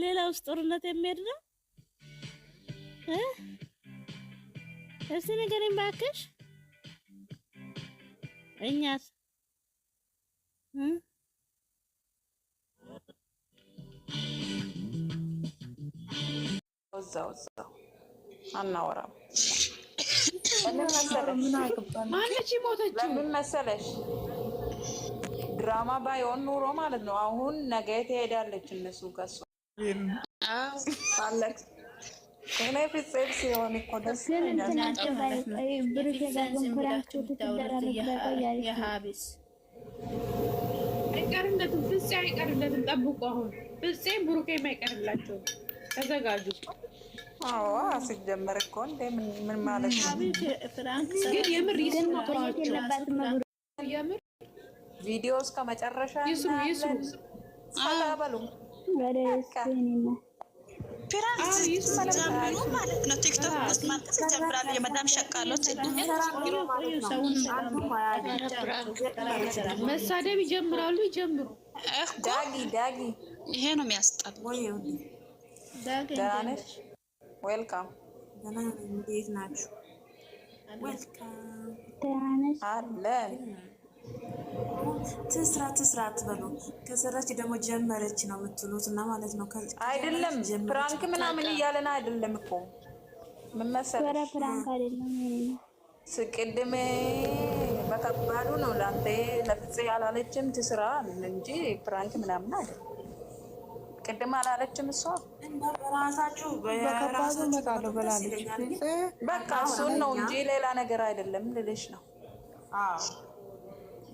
ሌላ ውስጥ ጦርነት የሚሄድ ነው። እስቲ ንገሪኝ እባክሽ። እኛስ እዛው እዛው አናወራም። ለምን መሰለሽ ድራማ ባይሆን ኑሮ ማለት ነው። አሁን ነገ ትሄዳለች እነሱ ከእሱ አይቀርለትም። ፍፄ አይቀርለትም። ጠብቁ። አሁን አይቀርላቸውም። ተዘጋጁ። ሲጀመር እኮ ምን ማለት ነው? ግን የምር ቪዲዮ እስከ መጨረሻ ይስሙ ይስሙ። ማለት መሳደብ ይጀምራሉ። ይጀምሩ ዳጊ ይሄ ነው የሚያስጠላ። ዌልካም እንዴት ናችሁ? አለን ትስራ ትስራ አትበሉ። ከሰራች ደግሞ ጀመረች ነው የምትሉት እና ማለት ነው። አይደለም ፕራንክ ምናምን እያለን አይደለም እኮ ምን መሰለሽ፣ በከባዱ ነው ለአንተ ለፍፄ አላለችም። ትስራ እንጂ ፕራንክ ምናምን አይደለም። ቅድም አላለችም እሷ በቃ እሱን ነው እንጂ ሌላ ነገር አይደለም ልልሽ ነው።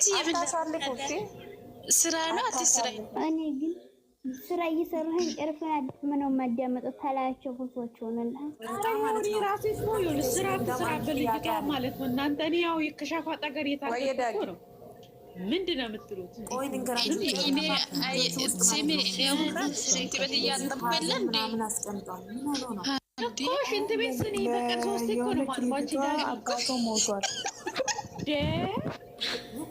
ስራ ነው አትስራ ስራ እኔ ግን ስራ እየሰሩ ጨርፈን አድመነው የማዳመጠው ታላቸው ፎቶዎች ሆነልሃል። ራሴ ስራ ስራ በልጅቃ ማለት ነው። እናንተ እኔ ያው የከሻፋ ጠገር የታገ ነው ምንድን ነው የምትሉት? እኮ ሽንት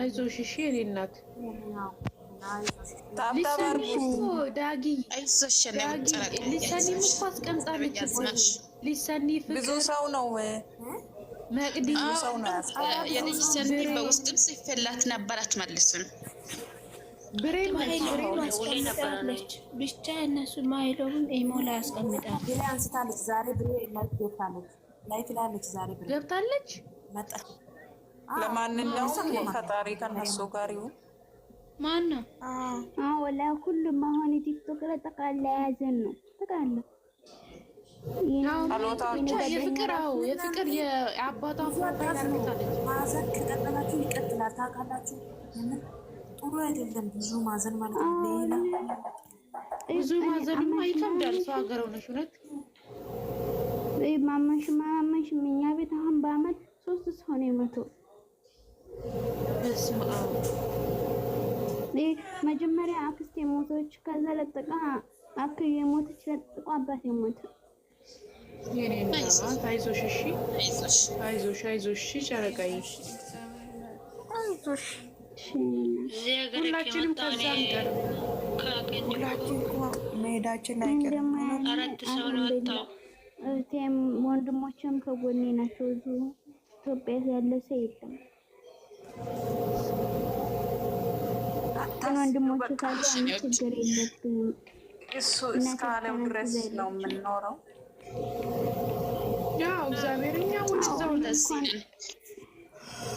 አይዞሽ እሺ የእኔ እናት ብዙ ሰው ነው መቅዲ የሊሰኒ በውስጥም ሲፈላት ነበር አትመልስም ብሬ ብቻ እነሱ ማይለውም ኢሞላ ያስቀምጣል አንስታለች ዛሬ ብሬ ገብታለች ገብታለች ለማንኛውም ፈጣሪ ከነሱ ጋር ይሁን። ማን ነው? አዎ ወላ አሁን ቲክቶክ ላይ ጠቅላላ የያዘን ነው። ጠቅላላ ማመንሽ ማመንሽ እኛ ቤት አሁን በአመት ሶስት ሰው ነው የሞተው በስመ አብ መጀመሪያ አክስቴ ሞተች። ከዛ ለጥቃ አክዬ ሞተች። ለጥቃ አባቴ ሞተ። አይዞሽ፣ እሺ፣ አይዞሽ፣ አይዞሽ፣ ጨረቃዬ አይዞሽ። ሁላችንም ከዛ ጋር መሄዳችን አይቀርም። ወንድሞችም ከጎኔ ናቸው። እዚሁ ኢትዮጵያ ያለ ሰው የለም። ወንድሞቹ ካልሆነ ችግር እሱ እስከ ዓለም ድረስ ነው የምንኖረው። ያው እግዚአብሔር እኛ ውጭ እዛው ደስ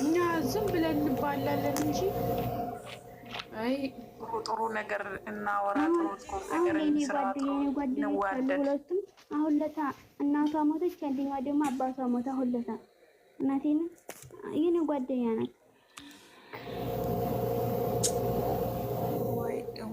እኛ ዝም ብለን እንባላለን እንጂ አይ ጥሩ ነገር እናወራ ነገር አሁን ለታ እናቷ ሞተች፣ አንደኛዋ ደግሞ አባቷ ሞታ። ሁለታ እናቴ ነው የኔ ጓደኛ ናት።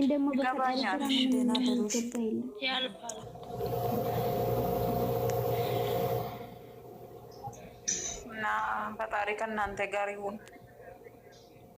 ግን ደግሞ እና ፈጣሪ ከእናንተ ጋር ይሁን።